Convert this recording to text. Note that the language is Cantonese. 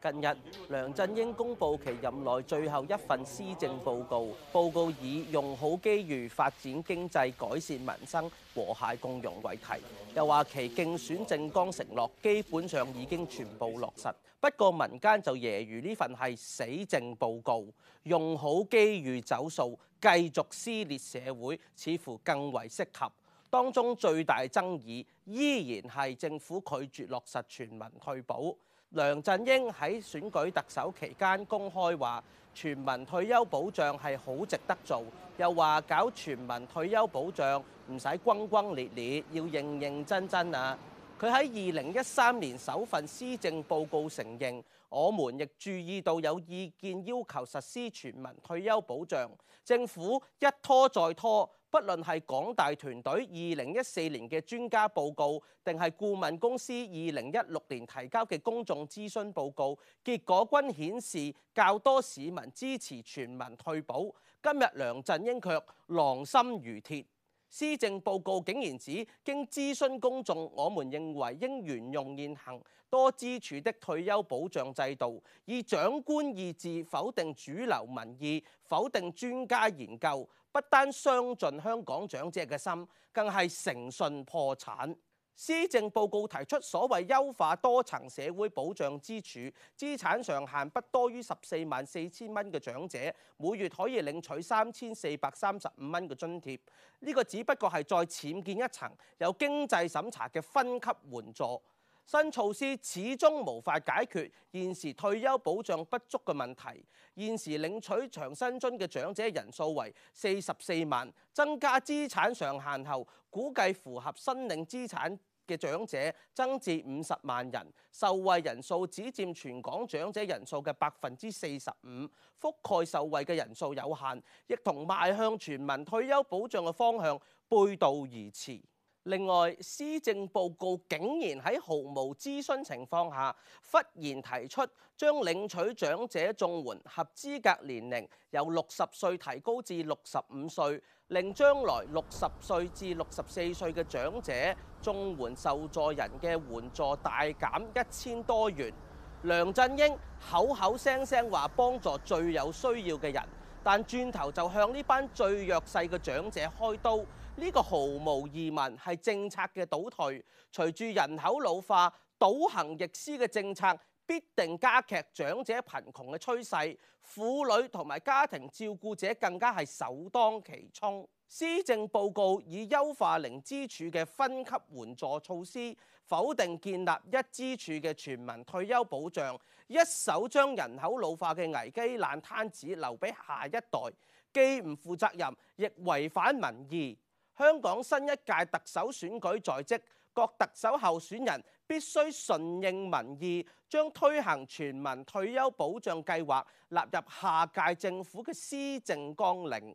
近日，梁振英公布其任內最後一份施政報告，報告以用好機遇發展經濟改善民生、和諧共融為題，又話其競選政綱承諾基本上已經全部落實。不過民間就揶揄呢份係死政報告，用好機遇走數繼續撕裂社會似乎更為適合。當中最大爭議依然係政府拒絕落實全民退保。梁振英喺選舉特首期間公開話，全民退休保障係好值得做，又話搞全民退休保障唔使轟轟烈烈，要認認真真啊！佢喺二零一三年首份施政報告承認，我們亦注意到有意見要求實施全民退休保障，政府一拖再拖。不論係港大團隊二零一四年嘅專家報告，定係顧問公司二零一六年提交嘅公眾諮詢報告，結果均顯示較多市民支持全民退保。今日梁振英卻狼心如鐵，施政報告竟然指經諮詢公眾，我們認為應沿用現行多支柱的退休保障制度，以長官意志否定主流民意，否定專家研究。不單傷盡香港長者嘅心，更係誠信破產。施政報告提出所謂優化多層社會保障支柱，資產上限不多於十四萬四千蚊嘅長者，每月可以領取三千四百三十五蚊嘅津貼。呢、這個只不過係再僭建一層有經濟審查嘅分級援助。新措施始終無法解決現時退休保障不足嘅問題。現時領取長生津嘅長者人數為四十四萬，增加資產上限後，估計符合申領資產嘅長者增至五十萬人，受惠人數只佔全港長者人數嘅百分之四十五，覆蓋受惠嘅人數有限，亦同邁向全民退休保障嘅方向背道而馳。另外，施政報告竟然喺毫無諮詢情況下，忽然提出將領取長者綜援合資格年齡由六十歲提高至六十五歲，令將來六十歲至六十四歲嘅長者綜援受助人嘅援助大減一千多元。梁振英，口口聲聲話幫助最有需要嘅人。但轉頭就向呢班最弱勢嘅長者開刀，呢個毫無疑問係政策嘅倒退。隨住人口老化，倒行逆施嘅政策必定加劇長者貧窮嘅趨勢，婦女同埋家庭照顧者更加係首當其衝。施政報告以優化零支柱嘅分級援助措施，否定建立一支柱嘅全民退休保障，一手將人口老化嘅危機爛攤子留俾下一代，既唔負責任，亦違反民意。香港新一屆特首選舉在即，各特首候選人必須順應民意，將推行全民退休保障計劃納入下屆政府嘅施政綱領。